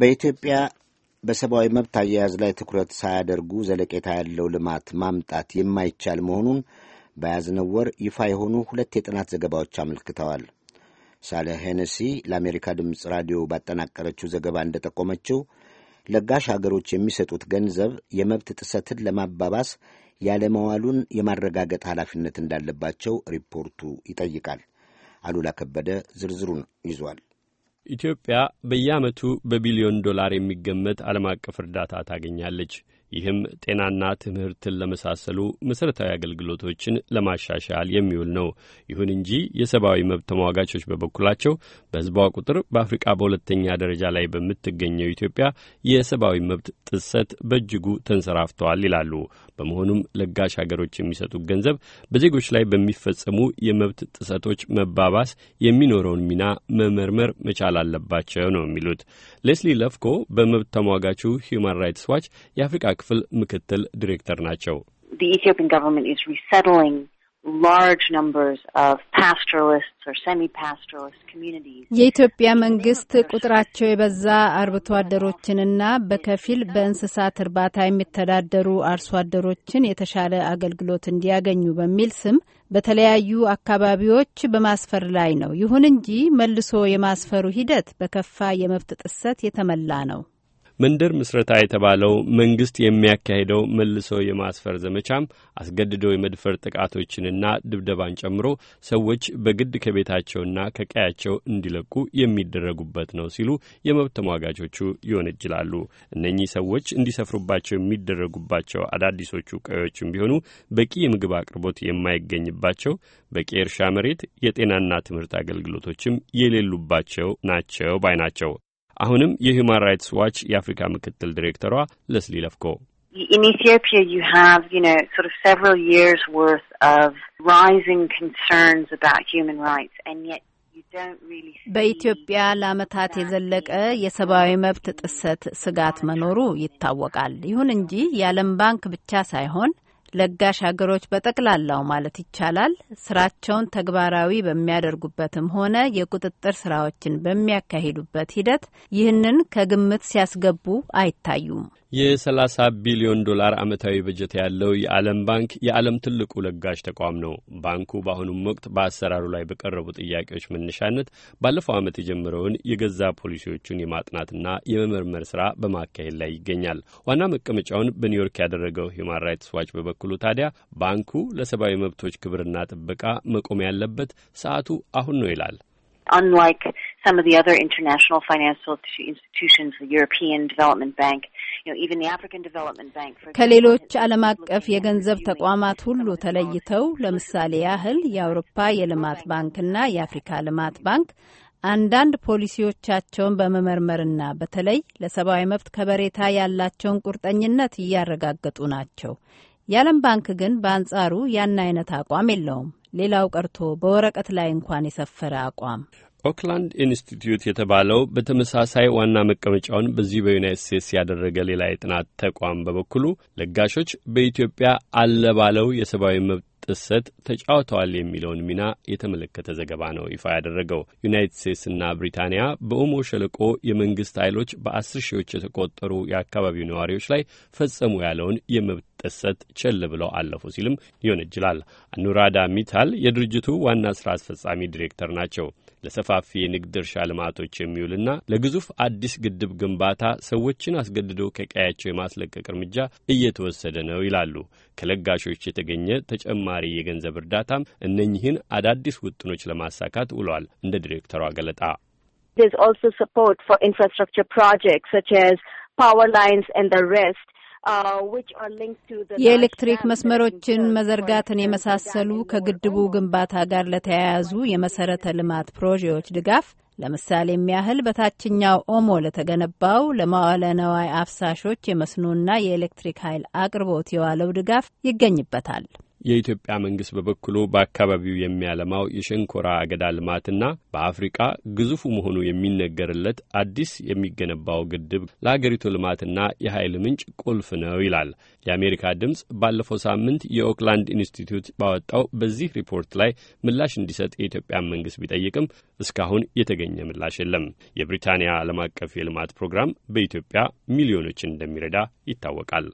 በኢትዮጵያ በሰብአዊ መብት አያያዝ ላይ ትኩረት ሳያደርጉ ዘለቄታ ያለው ልማት ማምጣት የማይቻል መሆኑን በያዝነው ወር ይፋ የሆኑ ሁለት የጥናት ዘገባዎች አመልክተዋል። ሳለ ሄነሲ ለአሜሪካ ድምፅ ራዲዮ ባጠናቀረችው ዘገባ እንደጠቆመችው ለጋሽ አገሮች የሚሰጡት ገንዘብ የመብት ጥሰትን ለማባባስ ያለመዋሉን የማረጋገጥ ኃላፊነት እንዳለባቸው ሪፖርቱ ይጠይቃል። አሉላ ከበደ ዝርዝሩን ይዟል። ኢትዮጵያ በየዓመቱ በቢሊዮን ዶላር የሚገመት ዓለም አቀፍ እርዳታ ታገኛለች። ይህም ጤናና ትምህርትን ለመሳሰሉ መሠረታዊ አገልግሎቶችን ለማሻሻል የሚውል ነው። ይሁን እንጂ የሰብአዊ መብት ተሟጋቾች በበኩላቸው በሕዝቧ ቁጥር በአፍሪቃ በሁለተኛ ደረጃ ላይ በምትገኘው ኢትዮጵያ የሰብአዊ መብት ጥሰት በእጅጉ ተንሰራፍተዋል ይላሉ። በመሆኑም ለጋሽ ሀገሮች የሚሰጡት ገንዘብ በዜጎች ላይ በሚፈጸሙ የመብት ጥሰቶች መባባስ የሚኖረውን ሚና መመርመር መቻል አለባቸው ነው የሚሉት ሌስሊ ለፍኮ በመብት ተሟጋቹ ሂውማን ራይትስ ዋች የአፍሪቃ ክፍል ምክትል ዲሬክተር ናቸው። የኢትዮጵያ መንግስት ቁጥራቸው የበዛ አርብቶ አደሮችንና በከፊል በእንስሳት እርባታ የሚተዳደሩ አርሶ አደሮችን የተሻለ አገልግሎት እንዲያገኙ በሚል ስም በተለያዩ አካባቢዎች በማስፈር ላይ ነው። ይሁን እንጂ መልሶ የማስፈሩ ሂደት በከፋ የመብት ጥሰት የተሞላ ነው። መንደር ምስረታ የተባለው መንግስት የሚያካሂደው መልሶ የማስፈር ዘመቻም አስገድዶ የመድፈር ጥቃቶችንና ድብደባን ጨምሮ ሰዎች በግድ ከቤታቸውና ከቀያቸው እንዲለቁ የሚደረጉበት ነው ሲሉ የመብት ተሟጋቾቹ ይወነጅላሉ። እነኚህ ሰዎች እንዲሰፍሩባቸው የሚደረጉባቸው አዳዲሶቹ ቀዮችም ቢሆኑ በቂ የምግብ አቅርቦት የማይገኝባቸው፣ በቂ እርሻ መሬት፣ የጤናና ትምህርት አገልግሎቶችም የሌሉባቸው ናቸው ባይ ናቸው። አሁንም የሂውማን ራይትስ ዋች የአፍሪካ ምክትል ዲሬክተሯ ለስሊ ለፍኮ ዩ ሃቭ ዩ ኖ ሶርት ኦፍ በኢትዮጵያ ለአመታት የዘለቀ የሰብአዊ መብት ጥሰት ስጋት መኖሩ ይታወቃል። ይሁን እንጂ የዓለም ባንክ ብቻ ሳይሆን ለጋሽ ሀገሮች በጠቅላላው ማለት ይቻላል ስራቸውን ተግባራዊ በሚያደርጉበትም ሆነ የቁጥጥር ስራዎችን በሚያካሂዱበት ሂደት ይህንን ከግምት ሲያስገቡ አይታዩም። የ30 ቢሊዮን ዶላር ዓመታዊ በጀት ያለው የዓለም ባንክ የዓለም ትልቁ ለጋሽ ተቋም ነው። ባንኩ በአሁኑም ወቅት በአሰራሩ ላይ በቀረቡ ጥያቄዎች መነሻነት ባለፈው ዓመት የጀመረውን የገዛ ፖሊሲዎቹን የማጥናትና የመመርመር ሥራ በማካሄድ ላይ ይገኛል። ዋና መቀመጫውን በኒውዮርክ ያደረገው ሂማን ራይትስ ዋች በበኩሉ ታዲያ ባንኩ ለሰብአዊ መብቶች ክብርና ጥበቃ መቆም ያለበት ሰዓቱ አሁን ነው ይላል። unlike some of the other international financial institutions, the European Development Bank, you know, even the African Development Bank. ከሌሎች ዓለም አቀፍ የገንዘብ ተቋማት ሁሉ ተለይተው ለምሳሌ ያህል የአውሮፓ የልማት ባንክና የአፍሪካ ልማት ባንክ አንዳንድ ፖሊሲዎቻቸውን በመመርመርና በተለይ ለሰብአዊ መብት ከበሬታ ያላቸውን ቁርጠኝነት እያረጋገጡ ናቸው። የዓለም ባንክ ግን በአንጻሩ ያን አይነት አቋም የለውም። ሌላው ቀርቶ በወረቀት ላይ እንኳን የሰፈረ አቋም ኦክላንድ ኢንስቲትዩት የተባለው በተመሳሳይ ዋና መቀመጫውን በዚህ በዩናይት ስቴትስ ያደረገ ሌላ የጥናት ተቋም በበኩሉ ለጋሾች በኢትዮጵያ አለባለው የሰብአዊ መብት ጥሰት ተጫውተዋል የሚለውን ሚና የተመለከተ ዘገባ ነው ይፋ ያደረገው። ዩናይት ስቴትስና ብሪታንያ በኦሞ ሸለቆ የመንግስት ኃይሎች በአስር ሺዎች የተቆጠሩ የአካባቢው ነዋሪዎች ላይ ፈጸሙ ያለውን የመብት ጥሰት ቸል ብለው አለፉ ሲልም ይወነጅላል። አኑራዳ ሚታል የድርጅቱ ዋና ስራ አስፈጻሚ ዲሬክተር ናቸው። ለሰፋፊ የንግድ እርሻ ልማቶች የሚውልና ለግዙፍ አዲስ ግድብ ግንባታ ሰዎችን አስገድዶ ከቀያቸው የማስለቀቅ እርምጃ እየተወሰደ ነው ይላሉ። ከለጋሾች የተገኘ ተጨማሪ የገንዘብ እርዳታም እነኚህን አዳዲስ ውጥኖች ለማሳካት ውሏል። እንደ ዲሬክተሯ ገለጣ there's also support for infrastructure projects such as power lines and the rest. Uh, የኤሌክትሪክ መስመሮችን መዘርጋትን የመሳሰሉ ከግድቡ ግንባታ ጋር ለተያያዙ የመሰረተ ልማት ፕሮጀዎች ድጋፍ ለምሳሌ የሚያህል በታችኛው ኦሞ ለተገነባው ለማዋለ ነዋይ አፍሳሾች የመስኖና የኤሌክትሪክ ኃይል አቅርቦት የዋለው ድጋፍ ይገኝበታል። የኢትዮጵያ መንግስት በበኩሉ በአካባቢው የሚያለማው የሸንኮራ አገዳ ልማትና በአፍሪቃ ግዙፉ መሆኑ የሚነገርለት አዲስ የሚገነባው ግድብ ለአገሪቱ ልማትና የኃይል ምንጭ ቁልፍ ነው ይላል። የአሜሪካ ድምፅ ባለፈው ሳምንት የኦክላንድ ኢንስቲትዩት ባወጣው በዚህ ሪፖርት ላይ ምላሽ እንዲሰጥ የኢትዮጵያን መንግስት ቢጠይቅም እስካሁን የተገኘ ምላሽ የለም። የብሪታንያ ዓለም አቀፍ የልማት ፕሮግራም በኢትዮጵያ ሚሊዮኖችን እንደሚረዳ ይታወቃል።